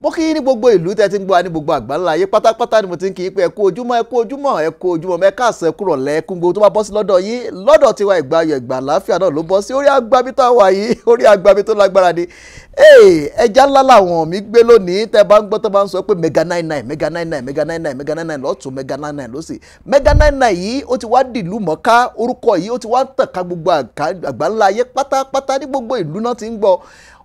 mo kí ní gbogbo ìlú tẹ́ ti ń gbọ́ wa gbogbo àgbáńlá ayé pátápátá ni mo ti ń kí i pé ẹ kú ojúmọ́ ẹ kú ojúmọ́ ẹ kú ojúmọ́ mẹ́kàsán kúrọ̀ lẹ́ẹ̀kún gbogbo tó bá bọ́ sí lọ́dọ̀ yín lọ́dọ̀ tiwa ìgbà ayọ̀ ìgbà àlàáfíà náà ló bọ́ sí orí agbábí tó wà yìí orí agbábí tó lágbára ni ẹja ńlá làwọn mi gbé lónìí tẹ́ bá ń gbọ́ tó bá ń sọ pé mega nine nine mega nine nine mega nine nine mega nine nine lọ́tún mega nine nine lọ́sì mega nine nine yìí ó ti wá dìlú mọ́ká orúkọ yìí ó ti wá ń tàn ká gbogbo àgbáńlá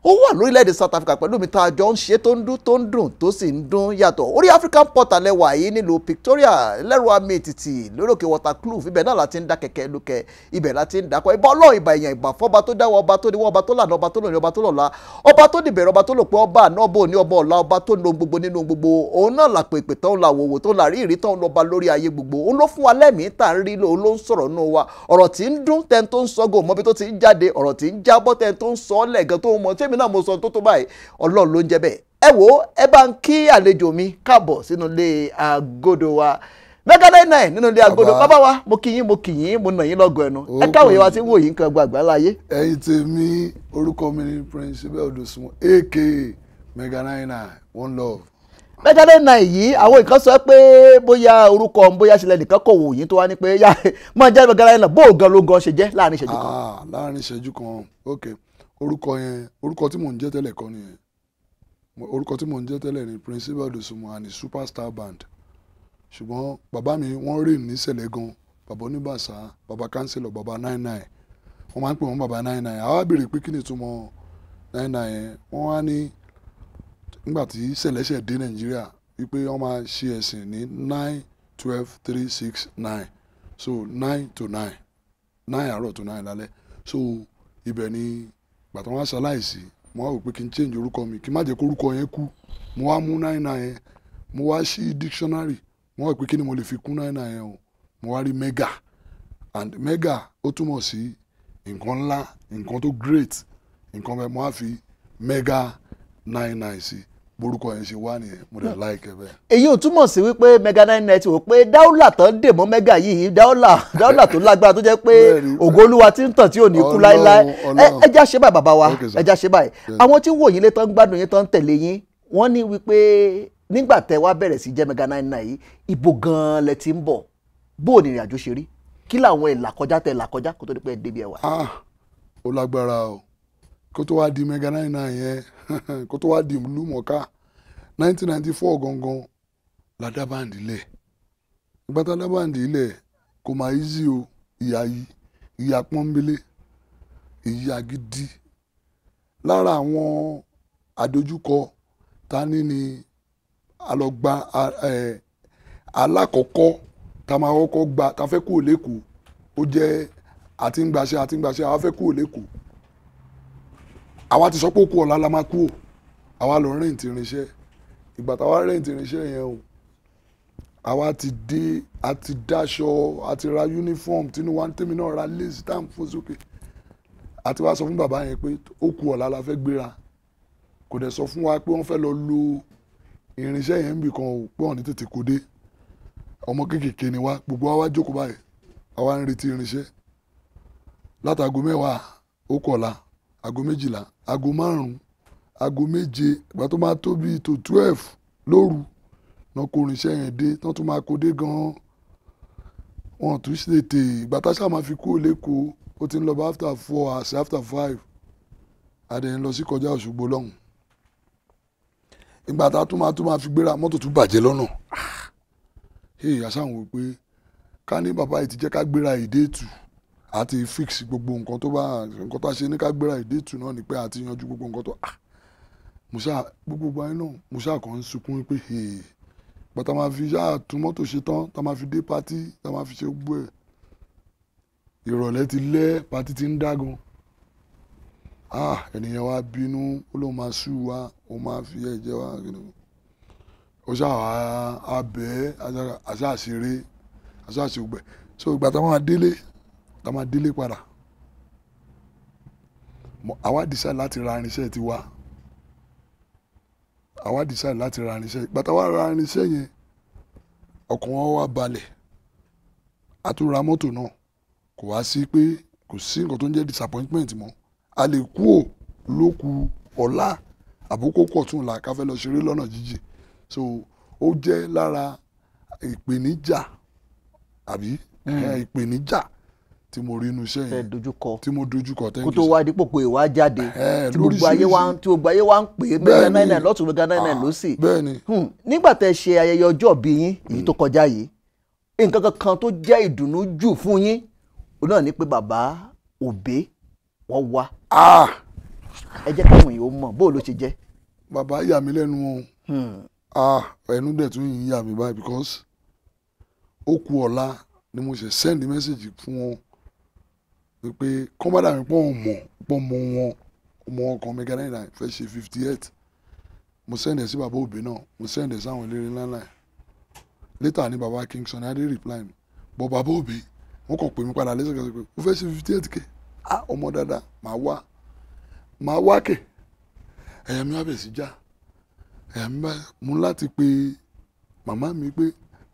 ó wà lórílẹ̀‐èdè South Africa pẹ̀lú mi tá a jọ ń ṣe tó ń dún tó ń dùn tó sì ń dún yàtọ̀ orí African Portal lẹ́wà yìí nílùú Victoria lẹ́rù àmì ètìtì lórókè Waterkloof ibẹ̀ náà láti ń da kẹ̀kẹ́ lukẹ̀ ibẹ̀ láti ń dakọ̀ ìbá ọlọ́run ìbà èèyàn ìbà fọ́ba tó dáwọ́ ọba tó níwọ́ ọba tó lànà ọba tó lòní ọba tó lọ́la ọba tó dìbẹ̀rẹ̀ ọba tó lòpẹ́ ọba àná ọba òní ọba ọ̀la ọba tó lo gbogbo nínú gbogbo òun náà làpò ìpè la wòwò la rí ìrí tán lọ́ba lórí ayé gbogbo òun ló fún wa lẹ́mìí tá à ń rí wa ọ̀rọ̀ tí ń dún tẹ́ni tó ń sọ́gò mọ́bi tó ti ń jáde ọ̀rọ̀ èmi náà mo sọ tó tó báyìí ọlọ́run ló ń jẹ́ bẹ́ẹ̀ ẹ wò ẹ bá ń kí àlejò mi káàbọ̀ sínú ilé àgọ́dọ̀ wa mẹ́gà náà náà nínú ilé àgọ́dọ̀ bàbá wa mo kì yín mo kì yín mo nà yín lọ́gọ̀ ẹnu ẹ káwọn yẹn sí wò yín kan gbàgbà láyé. ẹ̀yin tèmi orúkọ mi ni Prince Abel Odosun aka Mega 99 one love mẹ́tàlẹ́ náà yìí àwọn nǹkan sọ pé bóyá orúkọ bóyá ṣẹlẹ̀ nìkan kò wò yín tó wá ní pé máa jẹ́ Mega 99 bó gan ló gan ṣe jẹ́ láàrin ìṣẹ́jú kan. Ah, láàrin ìṣẹ́jú kan ok orúkọ yẹn orúkọ tí mò ń jẹ́ tẹ́lẹ̀ kọ́ nìyẹn orúkọ tí mò ń jẹ́ tẹ́lẹ̀ ni principal dosumo and his superstar band ṣùgbọ́n bàbá mi wọ́n rìn ní sẹ̀lẹ̀ gan bàbá oníbàṣà bàbá kánsílọ̀ bàbá nine nine wọ́n máa ń pè wọ́n bàbá nine nine àwa béèrè pé kí ni ìtumọ̀ nine nine yẹn wọ́n wá ní nígbà tí sẹ̀lẹ́sẹ̀ dé nàìjíríà wípé wọ́n máa ṣe ẹ̀sìn ní nine twelve three six nine so nine to nine nine àárọ̀ to nine lálẹ́ so ibẹ̀ ni gbàtà wọn ṣaláìsí mo wá wò pé kí n change orúkọ mi kí n má jẹ́ kó orúkọ yẹn kú mo wá mú náírà náà yẹn mo wá sí dictionary mo wá wò pé kí ni mo lè fi kún náírà náà yẹn o mo wá rí mega and mega ó túmọ̀ sí nǹkan ńlá nǹkan tó great nǹkan bẹ́ẹ̀ mo wá fi mega nine nine sí. Si borúkọ yẹn ṣe wá nìyẹn mo dẹ̀ láìkẹ́ bẹ́ẹ̀. èyí ò túmọ̀ sí wípé mega nine network pé dáúlà tán dè mọ́ mega yìí dáúlà dáúlà tó lágbára tó jẹ́ pé ògolúwa ti ń tàn tí ò ní kú láéláé ẹ já ṣe báyìí bàbá wa ẹ já ṣe báyìí àwọn tí ń wò yín lé tán ń gbádùn yín tán ń tẹ̀lé yín wọ́n ní wípé nígbà tẹ́ wá bẹ̀rẹ̀ sí jẹ́ mega nine nine yìí ibo gan-an lẹ ti ń bọ̀ bó o ní ìrìn àjò ṣe rí kí làwọn ìlà kọjá ah, kó tó wá di mega nine nine yẹn kó tó wá di ìlú 1994 ninety four gangan la dábàndì lẹ̀ ìgbà tá dábàndì lẹ̀ kò máa easy o ìyá yìí ìyá pọ́nbélé ìyá gidi lára àwọn àdójúkọ ta ní ni alọ́gba alákọ̀ọ́kọ́ ta máa kọ́kọ́ gba ta fẹ́ kúrò lẹ́kọ̀ọ́ ó jẹ́ àti ń àwa fẹ́ kúrò lẹ́kọ̀ọ́ àwa ti sọ pé ó kú ọ̀la la máa kúrò àwa lọ rìn tìrìnṣẹ́ ìgbà táwa rẹ̀ǹtì irinṣẹ́ yẹn o àwa ti dé a ti dáṣọ a ti ra uniform tinú wa ń tèmi náà ra lace tá à ń fò sókè àti wá sọ fún bàbá yẹn pé ó kù ọ̀la la fẹ́ gbéra kò dẹ̀ sọ fún wa pé wọ́n fẹ́ lọ lo irinṣẹ́ yẹn níbi kan ò pé wọ́n ní tètè kó dé ọmọ kéékèèké ni wá gbogbo wa wá jókòó báyìí àwa ń retí irinṣẹ́ látago mẹ́wàá ó kọ̀ọ̀la ago méjìlá ago márùn-ún aago méje ìgbà tó máa tó tó twelve lóru náà kó irinṣẹ́ yẹn dé tán tó máa kó dé gan-an wọn tún ṣe tè ìgbà tá a ṣáà máa fi kúrò lẹ́kọ̀ọ́ ó ti ń lọ bá after four àṣẹ after five adẹ̀yìn lọ sí kọjá Òṣogbo lọ́hùn ìgbà tá a tún máa tún máa fi gbéra mọ́tò tún bàjẹ́ lọ́nà hey aṣáwọn wò pé ká ní bàbá yìí ti jẹ́ ká gbéra èdè tù àti fix gbogbo nǹkan tó bá nǹkan tá ṣe ní ká gbéra èdè náà ni pé àti yanjú gbogbo nǹkan tó ah musa gbogbo ayé náà musa kan ń sunkún pé pátá máa fi yáà tún mọ́tò ṣe tán tá máa fi dé pátí tá máa fi ṣe gbogbo ẹ̀ ìrọ̀lẹ́ ti lẹ́ pátí ti ń dágun ah ènìyàn wa bínú ó lóun máa sú wa ó máa fi ẹ̀jẹ̀ wa ó ṣáà wá abẹ́ aṣáàṣeré aṣáàṣegbẹ̀ so ìgbà tá máa délé tá máa délé padà àwa dìṣà láti ra irinṣẹ́ tiwa àwa decide láti ra irinṣẹ́ gbàtà wa ra irinṣẹ́ yẹn ọkàn wa wá balẹ̀ a tún ra mọ́tò náà kò wá sí pé kò sí nǹkan tó ń jẹ́ disappointment mọ́ a lè kú ò lóku ọ̀la àbókò kọ̀túnla ká fẹ́ lọ ṣeré lọ́nà jíjìn so ó jẹ́ lára ìpèníjà àbí hmm. ìpèníjà tí mo rí inú iṣẹ́ yẹn tí mo dojúkọ thank you sir. kó tó wá dípò pé ìwà jáde eh, tí gbogbo ayé wa tí gbogbo ayé wa ń pè é mega nine nine lọ́tún mega nine nine ah, lọ́sì. Hmm, nígbà tẹ ṣe ayẹyẹ ọjọ́ bí yín èyí hmm. tó kọjá yìí nǹkan kankan tó jẹ́ ìdùnnú jù fún yín òun náà ní pé bàbá òbí wọ́n wá. Ah! ẹ jẹ́ káwọn èèyàn mọ̀ bó ló ṣe jẹ́. bàbá yà mí lẹ́nu o hmm. ah, ẹnu dẹ̀ tún yà mí báyìí because ó kù ọ̀la ni mo ṣe send message fún wọn pé kọ́mọ́dà mi pọ̀ mọ̀ pọ̀ mọ̀ wọn ọmọ ọkàn mi gánà ìlànà fẹ́ ṣe fifty eight mo sẹ́ndẹ̀ sí bàbá òbí náà mo sẹ́ndẹ̀ sáwọn eléré ńláńlá ẹ̀ later ni bàbá Kingson adé reply mi bọ̀ bàbá òbí wọ́n kàn pè mí padà lẹ́sẹ̀kẹsẹ̀ pé mo fẹ́ ṣe fifty eight k ah ọmọ dada màá wá màá wá kè ẹ̀yà mi wá bẹ̀ sí já ẹ̀yà mi bá mú láti pe màmá mi pé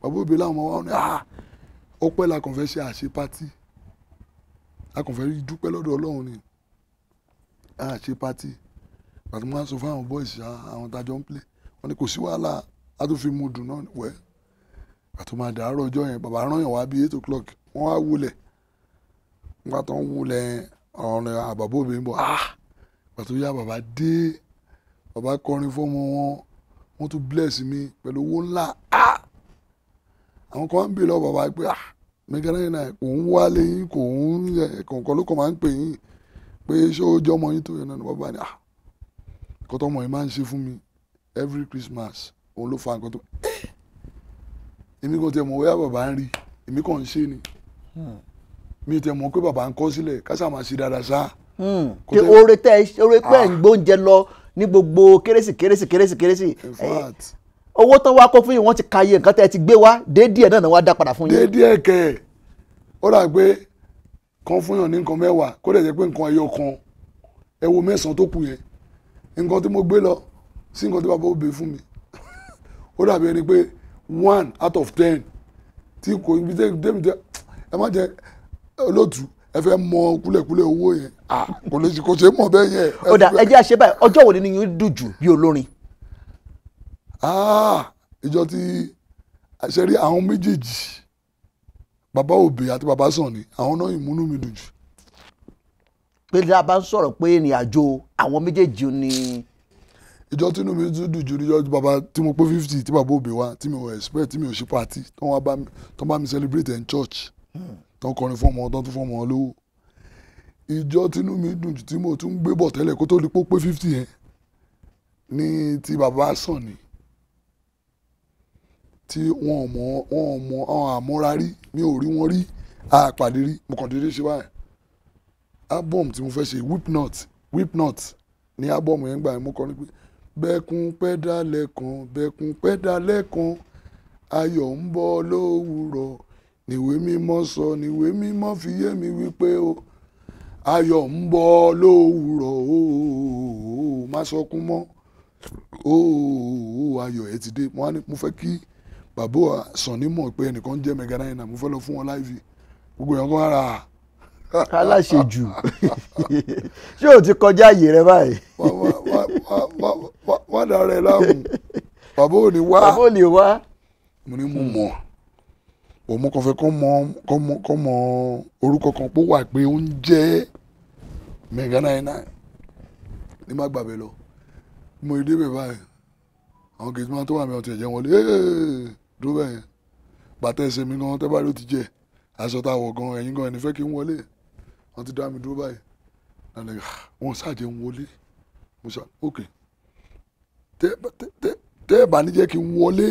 bàbá òbí làwọn ọmọ wa ó ní ah ó la kàn fẹ́ ṣe àṣepátì a kàn fẹ́ rí dúpẹ́ lọ́dọ̀ ọlọ́run ni a ṣe pati pàtó máa ń sọ fún àwọn boys àwọn tájọ ń play wọn ni kò sí wàhálà a tún fi mu dùn náà wẹ́ pàtó máa dàárọ̀ ọjọ́ yẹn bàbá rán yàn wá bíi eight o'clock wọ́n wá wulẹ̀ nígbà tó ń wulẹ̀ ọ̀rìn àbàbò mi ń bọ̀ ah pàtó yá bàbá dé bàbá kọrin fọ́mọ wọn wọ́n tún bless mi pẹ̀lú owó ńlá ah àwọn kan ń bè lọ bàbá pé ah mega kò ń wálé yín kò ń yẹ kọ̀ọ̀kan ló kàn máa ń pè yín pé ṣé ó jọ́ ọmọ yín tó yẹ náà bàbá ni ah kọ́tọ́ ọmọ yín máa ń ṣe fún mi every Christmas òun ló fa nǹkan tó èmi kò tẹ̀ mọ̀ wíyá bàbá ń rí èmi kàn ń ṣe ni hmm. mi tẹ̀ mọ̀ pé bàbá ń kọ́ sílẹ̀ kásà máa ṣe dáadáa sá. ṣe hmm. oore tẹ oore pẹ́ ah! ń gbóúnjẹ lọ ní gbogbo kérésì kérésì kérésì kérésì. in fact owó tán wá kó fún yín wọ́n ti ka iye nǹkan tẹ́ ẹ ti gbé wá déédéé náà náà wá dá padà fún yín. déédéé kẹ ó rà pé kan fún yàn ní nǹkan mẹ́wàá kó dẹ̀ jẹ́ pé nǹkan ẹyọ kan ẹ wo mẹ́sàn-án tó kù yẹn nǹkan tí mo gbé lọ sí nǹkan tí bàbá ó bè fún mi ó dàbí ẹni pé one out of ten tí kò ibi tẹ́mi tẹ́ ẹ má jẹ olóòtú ẹ fẹ́ mọ kúlẹ̀kúlẹ̀ owó yẹn kò lè ṣe kò ṣe mọ̀ bẹ́ẹ̀ yẹn. ó dà ẹ jẹ́ àṣẹ báyìí ọjọ́ wo nínú yín dùn jù bí olórin. Ah, ìjọ tí ṣe rí àwọn méjèèjì bàbá òbí àti bàbá Sànni àwọn náà ìmúnú mi dùn jù. pé tí a bá ń sọ̀rọ̀ pé ìrìn àjò àwọn méjèèjì ni. ìjọ tí inú mi tún dùn jù níjọ bàbá tí mo pé fifty tí bàbá òbí wa tí mi ò expect tí mi ò ṣe party tó ń bá mi celebrate in church hmm. tó ń kọrin fún ọmọ tó ń tún fún ọmọ lówó ìjọ tínú mi dùn jù tí mo tún gbé bọ̀ tẹ́lẹ̀ kó tó di pé fifty yẹn ní ti bàbá Sànni tí wọn ò mọ wọn ò mọ àwọn àmọ́ra rí mi ò rí wọn rí àpàdé rí mo kàn déédéé ṣe báyìí album tí mo fẹ́ ṣe whipnot whipnot ní album yẹn gbà yẹn mo kọrin pé bẹ́kún pẹ́dà lẹ́kan bẹ́kún pẹ́dà lẹ́kan ayọ̀ ń bọ̀ lówùrọ̀ níwé mímọ́ sọ níwé mímọ́ fi yé mi wípé o ayọ̀ ń bọ̀ lówùrọ̀ o má sọkún mọ́ o ayọ̀ ẹ ti dé mo fẹ́ kí bàbá sànni mọ̀ pé ẹnìkan jẹ́ mega nine mo fẹ́ lọ fún wọn láìvì gbogbo yẹn kọ́ ara. aláṣejù ṣé o ti kọjá àyè rẹ báyìí. wá dára ẹ láàmú bàbá ò ní wá bàbá ò ní wá. mo ní mo mọ̀ òun kò fẹ́ kọ́ mọ orúkọ kan pọ̀ wà pé ó ń jẹ́ mega nine nine ní má gbàgbé lọ mo rí débẹ̀ báyìí àwọn kìí tó máa tó wà mí ọtí ẹ̀jẹ̀ wọlé dúró bẹ́ẹ̀ yẹn bàtà ẹsẹ̀ mi gan tẹ́ bá rí ó ti jẹ́ aṣọ tá a wọ̀ gan ẹ̀yìn gan ẹni fẹ́ kí n wọlé wọ́n ti dá mi dúró báyìí nàlẹ́ ah, wọn ṣáàjẹ́ ń wọlé mo ṣá ok tẹ́ ẹ̀ bá ní jẹ́ kí n wọlé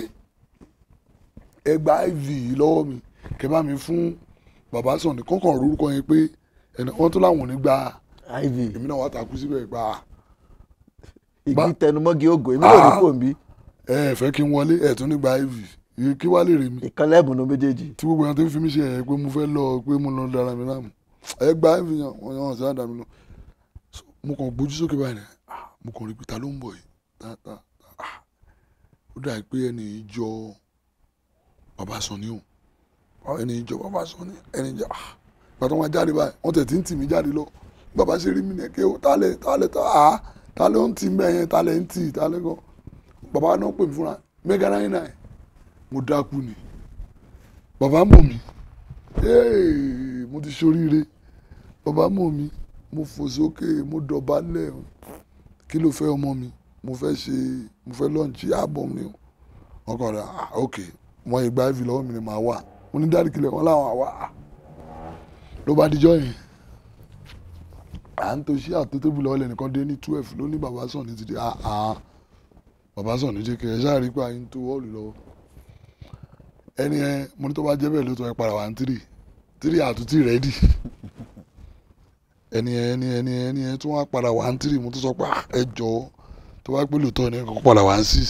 ẹ gba iv lọ́wọ́ mi kẹ́ bá mi fún bàbá sọ̀ni kọ́kàn orúkọ yẹn pé ẹni wọ́n tún láwọn ò ní gba iv èmi náà wà takú síbẹ̀ ah. gba. ìgbì tẹnumọ́gi ògò èmi náà ò ní ẹ ah. ẹ fẹ́ kí n wọlé ẹ tún ní gba iv kí wàá lè rè mí. ìkan lẹ́bùn ló méjèèjì. tí gbogbo yàrá tó fi mí ṣe ẹ̀ pé mo fẹ́ lọ pé mo lọ dára mi láàmú ẹ gba ẹ fi hàn wọn hàn sí àdàmì lọ mo kàn gbójú sókè báyìí ah, mo kàn rí pé ta ló ń bọ̀ yìí ta ta ta ah. ó dà pé ẹni ìjọ bàbá Sunny o ẹni ìjọ bàbá Sunny ẹni ìjọ ah. gbàtọ́ wọn jáde báyìí wọn tẹ̀ tí ń tì mí jáde lọ bàbá ṣe rí mi nìyẹn kí ó talẹ̀ talẹ̀ tó a talẹ̀ ó ń tì mí ẹ̀yẹn talẹ̀ ń tì talẹ̀ gan bàbá náà pè mí fúnra mẹ́gàrán yìí náà mo dákú ni bàbá mọ̀ mi mo ti ṣoríire bàbá mọ̀ mi mo fò sókè mo dọ̀bálẹ̀ kí ló fẹ́ ọmọ mi mo fẹ́ ṣe mo fẹ́ lọ́ọ̀nchì album ni wọ́n kọ́ ra ah, ok wọ́n yìí gba ivy lọ́wọ́ mi ni màá wà mo ní dáàdì kìlẹ̀ wọn láwọn àwa ló bá dijọ́ yẹn à ń toṣí àtótóbi lọ́wọ́ lẹ́nìkan dé ní twelve ló ní bàbá sàn ní ti di àà ah, ah. bàbá sàn ní jẹ́ kẹ́ ẹ ṣáà rí pé à ń to wọ́ọ̀lù lọ́wọ́ ẹni ẹ mo ní tó bá jẹ́ bẹ́ẹ̀ ló tó ẹ para wá ní tírì tírì àtúntì rẹ́dì ẹni ẹ ẹni ẹni ẹni ẹ tó wá para wá ní tírì mo tó sọ pé ah, ẹ jọ tó bá pé lóòótọ́ ẹni ẹ kọ́kọ́ para wá ní six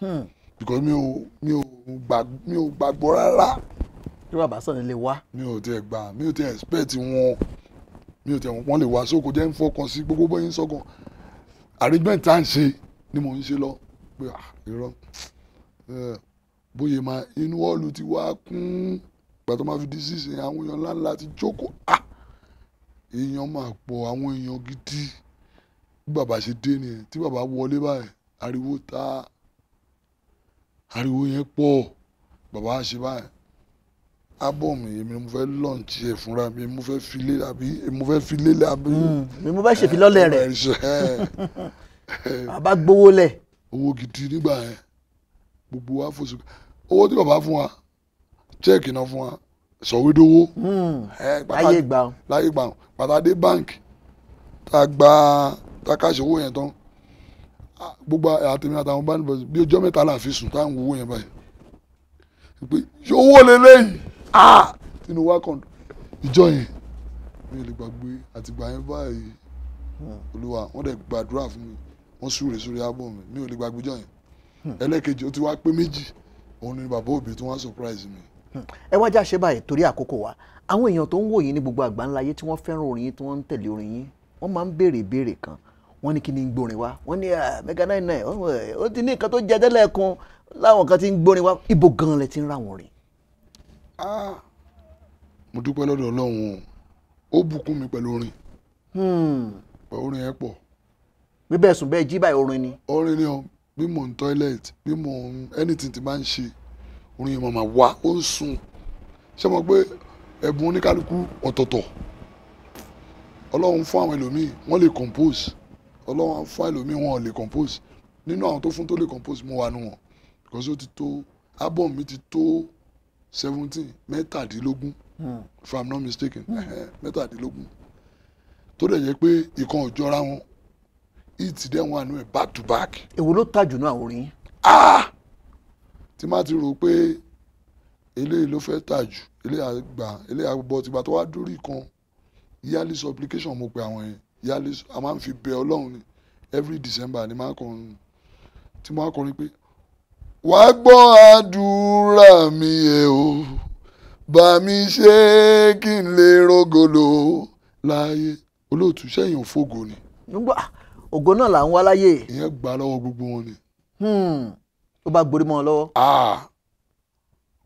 hmm. because mi ò mi ò gbà mi ò gbàgbọ́ rárá. kí bàbá sọ̀rọ̀ lè wá. mi ò tiẹ̀ gbà mi ò tiẹ̀ expect wọn mi ò tiẹ̀ wọ́n lè wá sóko jẹ́ ń fọkàn sí gbogbo bóyá ń sọ́kàn arrangement tá à ń ṣe ni mò ń ṣe lọ pé ah irọ́ eh, bóyá máa inú ọ̀lù ti wá kún ìgbà tó máa fi di sísè àwọn èèyàn ńláńlá ti jókòó à ah! èèyàn máa pọ̀ àwọn èèyàn gidi bí bàbá ṣe dé nìyẹn tí bàbá wọlé báyìí ariwo ta ariwo yẹn pọ̀ bàbá ṣe báyìí ábọ̀mù yìí mo fẹ́ lọ́ǹtì ẹ̀ fúnra mi mo fẹ́ filé àbí mo fẹ́ filé àbí. mi hmm, mo fẹ́ ṣèfilọ́lẹ̀ rẹ̀ bàbá gbowó lẹ̀. owó gidi nígbà yẹn gbogbo wa fòṣù owó tí bàbá fún wa chẹ́ẹ̀kì náà fún wa sọ̀wédowó. Hmm. láyé gbà ó láyé gbà ó pàtàdé báǹkì tá a gba tá a káṣí owó yẹn tán gbogbo àtẹ̀mí àtàwọn bá níbọ̀ bí ọjọ́ mẹ́ta là fi sùn táwọn owó yẹn báyìí pé owó lélẹ́yìn tinú wa kàn ìjọ yẹn mi ò lè gbàgbé àtìgbà yẹn báyìí hmm. olúwa wọ́n dẹ̀ gbàdúrà fún mi wọ́n súre sórí ábọ̀ mi mi ò lè gbàgbé jọ yẹn hmm. ẹlẹ́kejì ó ti wá pé méjì òun ni bàbá òbí tí wọ́n surprise mi. ẹ wá já ṣe báyìí torí àkókò wa àwọn èèyàn tó ń wò yín ní gbogbo àgbáńlá ayé tí wọ́n fẹ́ràn orin yín tí wọ́n ń tẹ̀lé orin yín wọ́n máa ń béèrè ìbéèrè kan wọ́n ní kí ni ń gbórin wa wọ́n ní mega nine nine ó ti ní nǹkan tó jẹ tẹ́lẹ̀ kan láwọn kan ti ń gbórin wa ibo gan lẹ ti ń ra wọn rìn. mo dúpẹ́ lọ́dọ̀ ọlọ́run ó bùkún mi pẹ̀lú orin hmm. pẹ̀lú orin ẹ̀ pọ̀. bí bẹ́ẹ̀ sùn bẹ́ẹ̀ jí báyìí orin ni. orin ni o bí mò ń toilet bí mò ń anything ti máa ń ṣe orin yẹn màmá wá ó ń sùn ṣé mo gbé ẹ̀bùn oníkálukú ọ̀tọ̀ọ̀tọ̀ ọlọ́run fún àwọn ẹlòmíì wọ́n lè compose ọlọ́run fún ẹlòmíì wọn lè compose nínú àwọn tó fún tó lè compose mo wà nù wọn because ó ti tó album mi ti tó seventeen mẹ́tàdínlógún if i'm not mistaken hmm. mẹ́tàdínlógún tó dẹ̀ jẹ́ pé ìkan ò jọra wọn hit then one way back to back. èwo ló tà jù náà orin yín. ah tí má ti rò pé eléyìí ló fẹ́ tà jù eléyìí àgbà eléyìí àgbọ̀ tìgbà tó wá dórí kan yearly supplication mo pe àwọn yẹn yearly a máa ń fi bẹ ọlọ́run ni every december ni máa ń kọrin tí mo á kọrin pé wà á gbọ́ àdúrà mi ẹ̀ e o bá mi ṣe kí n lè rògolo láàyè olóòtú sẹ́yìn òfógo ni ògo náà là ń wá láyè. ìyẹn gbà lọ́wọ́ gbogbo wọn ni. Hmm. ó bá gborí mọ́ ọ lọ́wọ́.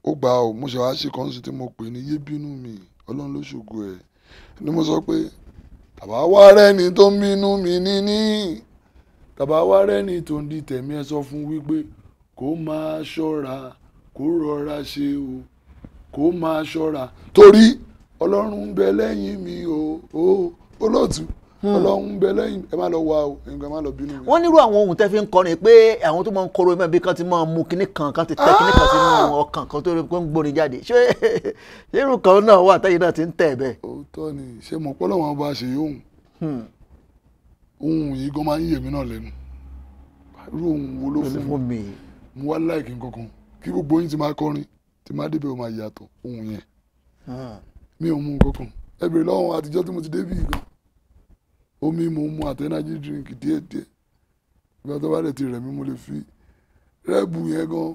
ó gbà ó mo ṣe wá sí kọ́ńsì tí mo pè ní yébínú mi ọlọ́run ló ṣògo ẹ̀ ni mo sọ pé bàbá wa rẹ́ni tó ń bínú mi níní bàbá wa rẹ́ni tó ń di tẹ̀mí ẹ sọ fún wípé kó máa ṣọ́ra kó rọra ṣe o kó máa ṣọ́ra torí ọlọ́run ń bẹ lẹ́yìn mi o o olóòtú. Hmm. ọlọ́run bẹ lẹ́yìn ẹ má lọ wá o ẹ má lọ bínú. wọ́n nírú àwọn ohun tẹ́ fi ń kọrin pé àwọn tó máa ń koro ẹ̀mọ́ ibi kan ti máa mú kinní kan kan ti tẹ kinní kan sínú ah! ọkàn kan tó ń gbórin jáde ṣé irú kan náà wà táyé náà ti ń tẹ̀ bẹ́ẹ̀. òótọ́ ni ṣé mo pọ́ lọ́wọ́n bá ṣe yóò hùn hmm. ohun yìí gan máa ń yè mí náà lẹ́nu irú ohun wo ló fún mi mo wá láìkí kankan kí gbogbo yín ti máa kọrin ti máa débẹ̀ ó máa yàtọ̀ ohun yẹn hmm. mi ò mú kankan omi mo mu àti energy drink díẹ̀ díẹ̀ ìgbà tó bá dẹ̀ ti rẹ̀ mí mo lè fi rẹ́ẹ̀bù yẹn gan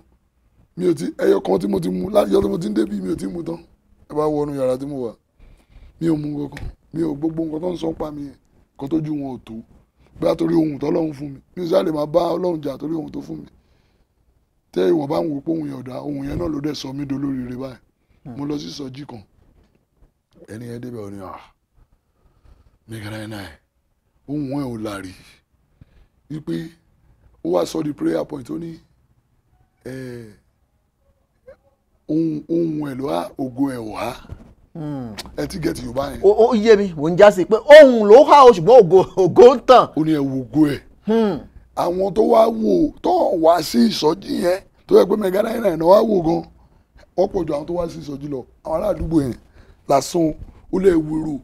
mi ò ti ẹyọ kan tí mo ti mu láyọ tí mo ti ń débi mi ò ti mu tán ẹ bá wọnú yàrá tí mo wà mi ò mu kankan mi ò gbogbo nǹkan tó ń sọ pa mi yẹn nǹkan tó ju wọn ò tó bá torí ohun tó ọlọ́run fún mi mi ò sáà lè máa bá ọlọ́run jà torí ohun tó fún mi tẹ ìwọ̀n bá ń wò pé ohun yẹn ọ̀dà ohun yẹn náà ló dẹ̀ sọ mí dolóríire báyìí mo lọ sí sọjí kan ẹni yẹn débẹ̀ ọ ni ah mi kàn náà yẹn náà yẹn ohun ẹ̀ ò lárí wípé ó wá sọ di prayer point ó ní ohun ẹ̀ ló wá ògo ẹ̀ wá hmm. ẹ ti gẹ̀ẹ́tì yorùbá yẹn. ó yé mi mò ń já sí pé ohun ló há o ṣùgbọ́n ògo ń tàn. ó ní ẹ wo ògo ẹ hmm. àwọn tó wá wò tó wá sí ìsọjí yẹn tó yẹ pé mẹgàdá yẹn náà wá wò gan wọ́n pọ̀ ju àwọn tó wá sí ìsọjí lọ àwọn ará yẹn lásán ó lè wúrú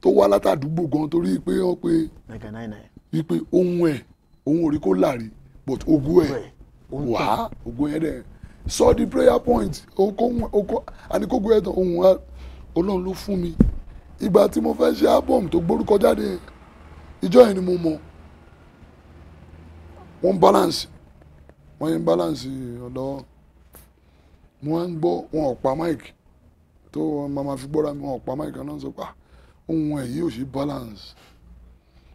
tó wá látàdúgbò gan torí pé wọ́n pe wípé ohun ẹ̀ ohun orí kó láre but ogun ẹ̀ wà á ogun ẹ̀ dẹ̀ sọ di prayer point okó àníkógo ẹ̀ tán ohun ọlọ́run ló fún mi ìgbà tí mo fẹ́ ṣe album tó gbórúkọ jáde ìjọ yẹn ni mo mọ̀ wọ́n balance wọ́n yẹn balance ọ̀dọ́ mo máa ń gbọ́ wọn ò pa mic tó wọn máa fi gbọ́ra mi wọn ò mic náà sọ pé ah, ohun ẹ̀ yóò ṣe balance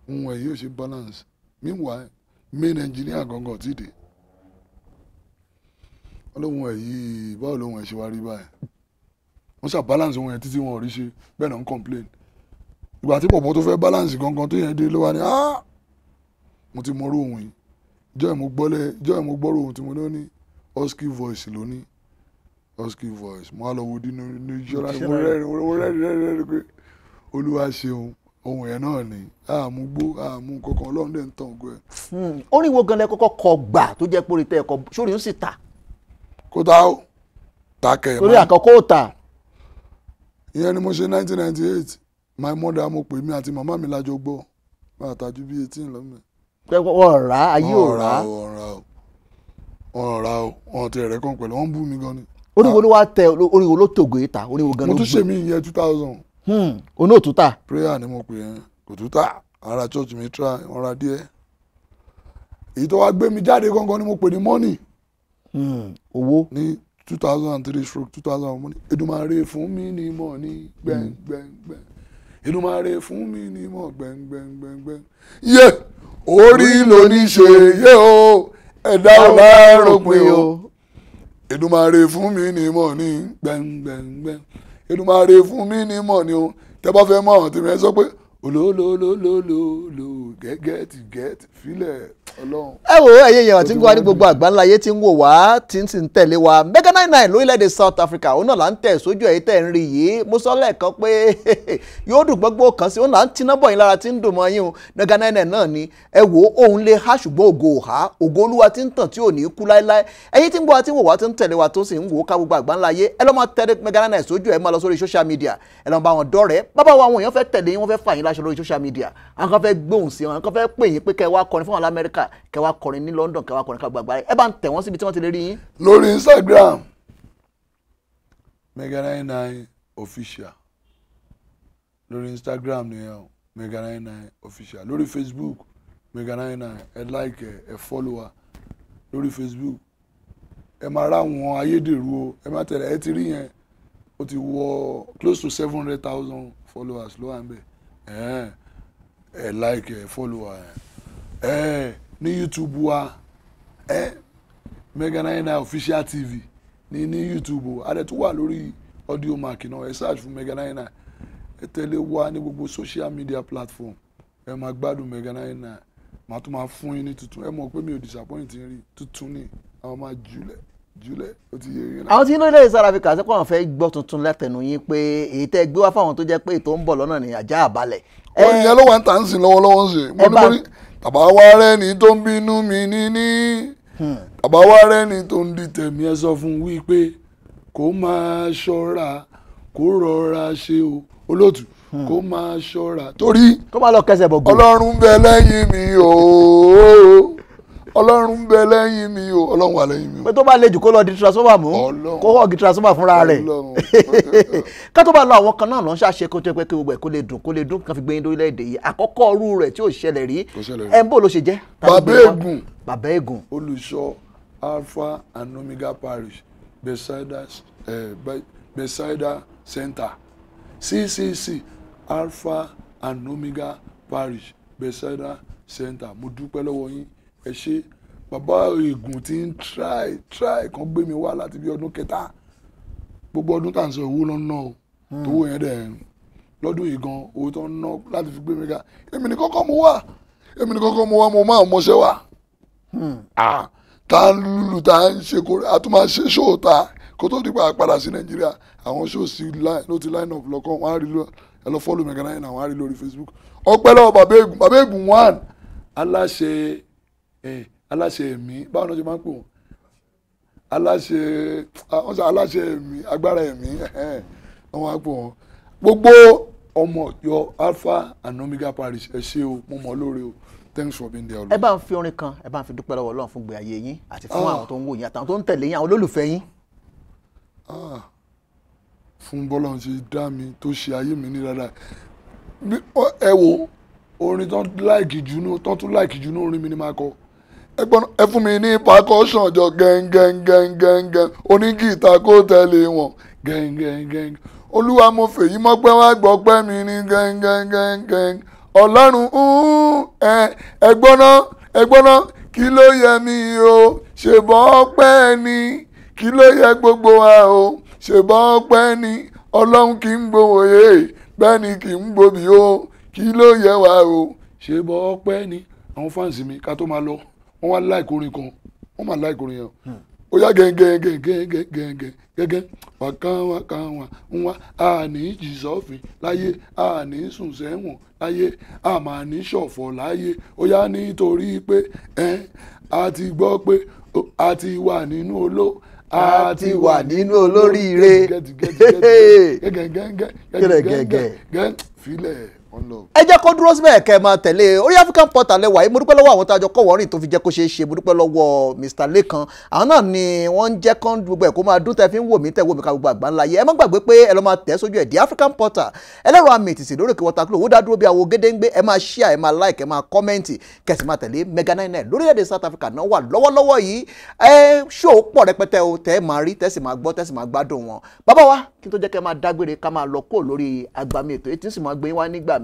ohun ẹ̀ yóò ṣe balance meanwhile main engineer gangan ti dé ọlọ́hun ẹ̀ yìí báwo lóhun ẹ̀ ṣe wá rí báyìí wọ́n ṣà balance ohun ẹ̀ títí wọn ò rí ṣe bẹ́ẹ̀ náà ń complain ìgbà tí pọ̀pọ̀ tó fẹ́ balance gangan tó yẹn dé ló wá ní ah mo ti mọrú ohun yìí jọ́ ẹ̀ mo gbọ́lẹ̀ jọ́ ẹ̀ mo gbọ́rọ̀ ohun tí mo lọ ní husky voice lónìí husky voice mo á lọ wo dínú ní ìṣọ́ra mo rẹ́rìn-ín pé olúwa ṣeun ohun yẹn náà ni àmúgbó àmú kankan ọlọ́run dẹ̀ ń tàn gbọ́ ẹ. Hmm. orin wo gan lẹ kọ́kọ́ kọ gbà tó jẹ́ pé orin tẹ ẹ̀kọ́ sórí ó sì ta. kó ta ó ta kẹ̀yìn. torí àkọ́kọ́ ò ta. ìyẹn ni mo ṣe 1998 my mother mo pè mí àti màmá mi lájọ gbọ́ bá a bí eighteen lọ́mọ. pé ọ̀rá ayé ọ̀rá. ọ̀rá o ọ̀rá o ọ̀rá ti ẹ̀rẹ́ kan pẹ̀lú wọ́n ń bú mi gan ni. orin wo ah. ló wá tẹ orin wo ló tògó ìta orin wo gan ló gbé. mo tún ṣe mí ìyẹn two thousand onu hmm. otuta. prayer ni mo pe é òtútà ara church mi try wọn ra díẹ̀ èyí tó wá gbé mi jáde gangan ni mo pe ni money. Hmm. owó. ní two thousand and three stroke two thousand and one Edumare fún mi ni mo ni gbẹ̀ngbẹ̀ngbẹ̀ hmm. Edumare fún mi ni mo gbẹ̀ngbẹ̀ngbẹ̀ yé orí ló ní ṣe yé o o, ò bá rògbìn o Edumare fún mi ni mo ni gbẹ̀ngbẹ̀ngbẹ̀ Èdùmàrè fún mi ní mọ̀ ni o tẹ́ fẹ́ mọ̀ àwọn tèmi sọ pé olóolóolóolóoló gẹ́gẹ́ ti gẹ́ẹ̀tì fílẹ̀ ẹ wo ẹyẹ yẹn tí ń gbọ́ ní gbogbo àgbáńlá ayé tí ń wò wá tí ń sì ń tẹ̀lé wa mega nine nine lórílẹ̀‐èdè South Africa òun náà là ń tẹ̀ sójú ẹ̀yìn tẹ̀ ń rí yìí mo sọ lẹ́ẹ̀kan pé yóò dùn gbogbo kan sí òun là ń tiná bọ̀ yín lára tí ń dùn mọ́ yín o mega nine nine náà ni ẹ wo òun lè há ṣùgbọ́n ògo ò há ògo olúwa tí ń tàn tí ò ní kú láéláé ẹ̀yin tí ń gbọ́ wa tí ń wò wá tí ń tẹ̀lé wa tó sì ń wò ká gbogbo àgbáńlá ayé ẹ lọ́ máa tẹ̀lé mega nine nine sójú ẹ̀ máa lọ sórí social media ẹ lọ́ bá wọn dọ́rẹ̀ẹ́ bábá wa Nàìjíríà kọrin ní London kẹ́ kọrin ká ẹ bá ń tẹ̀ wọ́n síbi tí wọ́n ti lè rí yín. lórí Instagram mega nine nine official lórí Instagram nìyẹn o mega nine nine official lórí Facebook mega nine nine ẹ like ẹ ẹ follow wa lórí Facebook ẹ máa rá àwọn ayédèrú o ẹ máa tẹ̀lé ẹ ti rí yẹn ó ti wọ close to seven hundred thousand followers ló wà ń ẹ like ẹ follow wa Eh ne youtube wa, ẹ mega nine nine official tv ní ní youtube adẹ tó wà lórí audio mark náà ẹ search fún mega nine nine ẹ tẹ̀lé wa ní gbogbo social media platform ẹ máa gbádùn mega nine nine màá tún máa fún yín ní tuntun ẹ mọ̀ pé mi ò disappoint yín rí tuntun ni àwọn máa jùlẹ̀ jùlẹ ó ti yé yín. àwọn tí inú ilé South Africa ṣe pé àwọn fẹ́ gbọ́ tuntun látẹnu yín pé èyí tẹ́ gbé wá fáwọn tó jẹ́ pé ètò ń bọ̀ lọ́nà ní àjà àbálẹ̀. ó yẹ ló wà ń tà ń sìn lọ́wọ́lọ́wọ́ ń sìn mo ní mo ní tàbá wá rẹ́ni tó ń bínú mi níní tàbá hmm. wá rẹ́ni tó ń di tẹ̀mí ẹ sọ fún wí pé kó máa ṣọ́ra kó rọra ṣe o olóòtú hmm. kó máa ṣọ́ra torí kó máa lọ kẹsẹ̀ bọ̀ gbọ́ ọlọ́run bẹ lẹ́yìn mi o ọlọ́run bẹ lẹ́yìn mi o ọlọ́run wà lẹ́yìn mi o. pé tó bá le jù kó lọ di transformer mú kó hàn di transformer fúnra rẹ̀ ká tó bá lọ àwọn kan náà náà ṣàṣe kó tó pé kí gbogbo ẹ̀ kó lè dùn kó lè dùn kàn fi lórílẹ̀‐èdè yìí àkọ́kọ́ ọrú rẹ̀ tí ò ṣẹlẹ̀ rí ẹ̀ ń bò ló ṣe jẹ́. bàbá ègùn bàbá ègùn olùṣọ́ alpha and omega parish beside us eh, beside us center ccc alpha and omega parish beside center mo dúpẹ́ lọ́wọ́ yín ẹ ṣe bàbá ègùn ti ń try try kan gbé mi wá láti bí ọdún kẹta gbogbo ọdún tá à ń sọ owó lọ́nà o tówó hmm. yẹn dẹ̀ lọ́dún yìí gan owó tó ń ná láti fi gbé mi ga èmi ní kọ́kọ́ mo wà èmi ní kọ́kọ́ mo wà mo máa mọṣẹ́ wà hmm. tá ń lùlù tá ń ṣe kó a tún máa ṣe ṣóòta kó tó dípa padà sí nàìjíríà àwọn ṣóòsì ló ti line up lọ́kàn wọ́n á rí lọ́wọ́ ẹ lọ fọ́lù mẹ̀gànáyìn àwọn àrí lórí facebook ọpẹ́ lọ́wọ́ bàbá ègùn bàbá ègùn one aláṣẹ Eh, aláṣẹ ẹ̀mí báwọn náà ṣe máa ń pè wọ́n aláṣẹ ah, wọ́n sọ aláṣẹ ẹ̀mí agbára ẹ̀mí àwọn àpò wọn gbogbo ọmọ Ọ̀yọ́ alpha and omega parish ẹ ṣé o mo mọ lóore o thanks for being there olùkọ́. ẹ bá ń fi orin kan ẹ bá ń fi dúpẹ́ lọ́wọ́ Ọlọ́run fún gbé ayé yín àti fún ah. àwọn tó ń wò yín àtàwọn tó ń tẹ̀lé yín àwọn olólùfẹ́ yín. Ah, fún bọ́lá ń ṣe dá mi tó ṣe ayé mi ní dáadáa ẹ wo orin tó ń láìkì jù ní tó tún láìkì jù orin mi ni máa kọ ẹ fún mi ní percussion jọ gẹ́ngẹ́ngẹ́ngẹ́ngẹ́n onígìta kó tẹ̀lé wọn gẹ́ngẹ́ngẹ́ng olúwa mo fèyí mọ́pẹ́ wá gbọ́pẹ́ mi ní gẹ́ngẹ́ngẹ́ngẹ́ng ọlọ́run ẹgbọ́ná ẹgbọ́ná kí ló yẹ mí o ṣèbọ̀ ọpẹ́ ni kí ló yẹ gbogbo wa o ṣèbọ̀ ọpẹ́ ni ọlọ́run kì í gbòòyè bẹ́ẹ̀ ni kì í gbòbí o kí ló yẹ wa o ṣèbọ̀ ọpẹ́ ni àwọn fáǹsì mi ká tó máa lọ wọ́n wá láì korin kan wọ́n mà láì korin yẹn ó yá gẹ́gẹ́gẹ́gẹ́gẹ́gẹ́gẹ́ wàkàn wàkàn wà ń wá àní jìsọ́fìn láyé àní sùn sẹ́wọ̀n láyé àmà ní ṣọ̀fọ̀ láyé ó yá nítorí pé ẹ́n a ti gbọ́ pé a ti wà nínú oló a ti wà nínú olóríire gẹ́gẹ́gẹ́gẹ́ ẹ jẹ́ kó dúró síbẹ̀ kẹ́ ẹ máa tẹ̀lé orí African Portal lẹ́wà yìí mo dúpẹ́ lọ́wọ́ àwọn tá a jọ kọ́wọ́ rìn tó fi jẹ́ kó ṣeé ṣe mo dúpẹ́ lọ́wọ́ Mr Lẹ́kan àwọn náà ni wọ́n ń jẹ́ kán gbogbo ẹ̀ kó máa dún tẹ́ fi ń wò mí tẹ́ wò mí ká gbogbo àgbà ńlá yẹ ẹ má gbàgbé pé ẹ lọ́ máa tẹ̀ sójú ẹ̀ di African Portal ẹlẹ́rọ àmì ìtìsí lórí kí wọ́n takulò ó dá dúró bí awo gédéńgbé ẹ máa share ẹ máa like ẹ máa comment kẹ̀sì Mega 99 lórílẹ̀‐èdè South Africa náà wà lọ́wọ́lọ́wọ́ yìí ẹ ṣó pọ̀ rẹpẹtẹ o tẹ́ máa rí tẹ́sì máa gbọ́ tẹ́sì máa gbádùn wọn bàbá wa kí n tó jẹ́ kẹ́ máa dágbére ká máa lọ kó lórí àgbàmì ètò ètí sì máa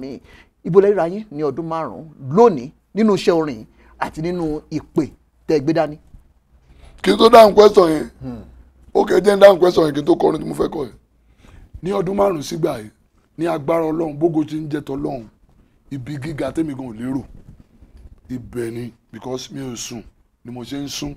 míì ibo lẹ ríra yín ní ọdún márùn-ún orin àti nínú ìpè tẹ́ gbé dání. kí n tó dáhùn kwẹ́sọ̀ yẹn ó kẹ́ jẹ́ ń dáhùn kwẹ́sọ̀ yẹn kí n tó kọrin tí mo fẹ́ kọ yẹn ní ọdún márùn-ún sígbà yìí ní agbára ọlọ́run bógo ti ń jẹ tọlọ́run ibi gíga tèmi gan lérò ibẹ̀ ni because mi ò sùn ni mo ṣe ń sùn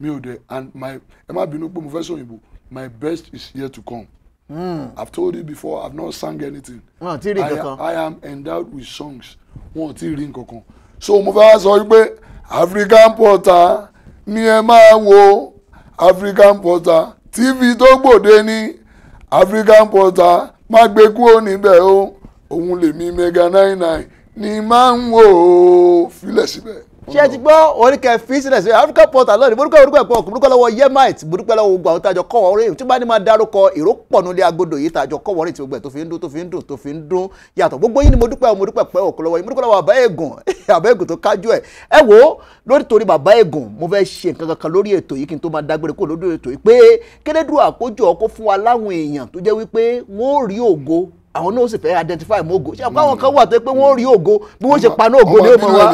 mi ò dẹ̀ and my ẹ má bínú pé mo fẹ́ sọ òyìnbó my best is yet to come Mm. I've told you before, I've not sung anything. Wọ́n ti rí nǹkankan. I am endowed with songs. Wọ́n ti rí nǹkankan. So mo fẹ́ sọ wípé African Porter ni ẹ máa wo African Porter TV tó gbòde ní African Porter má gbé kúrò níbẹ̀ o. Òun lèmi mega nine nine ni máa ń wò ó filẹ̀ síbẹ̀ ṣé ti gbọ́ oríkẹ́ fi sílẹ̀ sí Africa Portal lónìí burúkú burúkú ẹ̀pọ̀ ọkùnrin burúkú lọ́wọ́ yemite burúkú lọ́wọ́ ogun àwọn tàjọ kọ́ wọ́n rìn tí bá ní máa dárúkọ èrò pọ̀nù ilé agodo yìí tàjọ kọ́ wọ́n rìn tí gbogbo ẹ̀ tó fi ń dún tó fi ń dùn tó fi ń dún yàtọ̀ gbogbo yín ni mo dúpẹ́ mo dúpẹ́ pẹ́ òkú lọ́wọ́ yín mo dúpẹ́ lọ́wọ́ àbá ègùn àbá ègùn tó kájú ẹ̀ ẹ wo lórí torí bàbá ègùn mo fẹ́ ṣe nǹkan kankan lórí ètò yìí kí n tó máa dágbére kó lórí ètò yìí pé kérédùn àkójọ kó fún wa láwọn èèyàn tó jẹ́ wípé wọ́n rí ògo àwọn náà sì fẹ́ identify mọ́ ògo ṣé àwọn kan wà tó pé wọ́n rí ògo bí wọ́n ṣe paná ògo ní òmò wa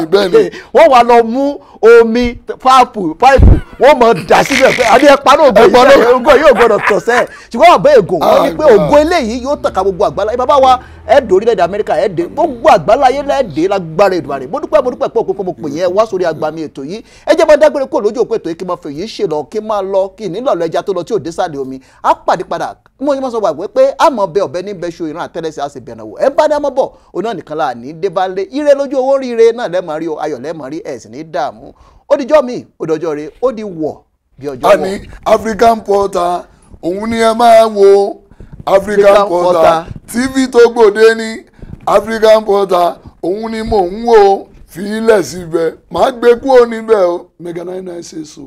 wọ́n wà lọ mú omi páàpù páìpù wọ́n mọ̀ dà síbẹ̀ pé àbí ẹ paná ògo yìí ògo yìí ò gbọdọ̀ tọ̀ sẹ́ẹ̀ ṣùgbọ́n àbẹ́ ègò wọ́n ní pé ah, ògo ah. eléyìí yóò tàn ká gbogbo àgbáláyé bàbá wa ẹ̀ dé orílẹ̀-èdè Amẹ́ríkà ẹ̀ dé gbogbo àgbáláyé lẹ́ dé lágbára Èdùmàrè mo dúpẹ́ mo dúpẹ́ pé òkú mo pè yẹn wá sórí agbami ètò yìí ẹ jẹ́ máa dágbére kó lójú òpó ètò yìí kí n máa fèyí ṣe lọ kí n máa lọ kí n nílò ẹja tó lọ tí ò dé sáàlì omi á pàdé padà mo yẹ máa sọ wà pé àmọ́ bẹ ọ̀bẹ ní bẹ ṣo ìran àtẹ́lẹsẹ̀ á sì bẹ̀rẹ̀ wò ẹ̀ bá dá mọ́ bọ̀ náà ní dé bá ire lójú owó ríire náà lẹ rí o ayọ̀ rí ní dààmú ó di jọ́ mi ó dọjọ́ re ó di wọ̀ bí ọjọ́ wọ̀. a ní African òun ni ẹ máa wo African pọta TV tó gbòde ní African òun ni mò ń wò síbẹ̀ máa gbé o mega nine nine six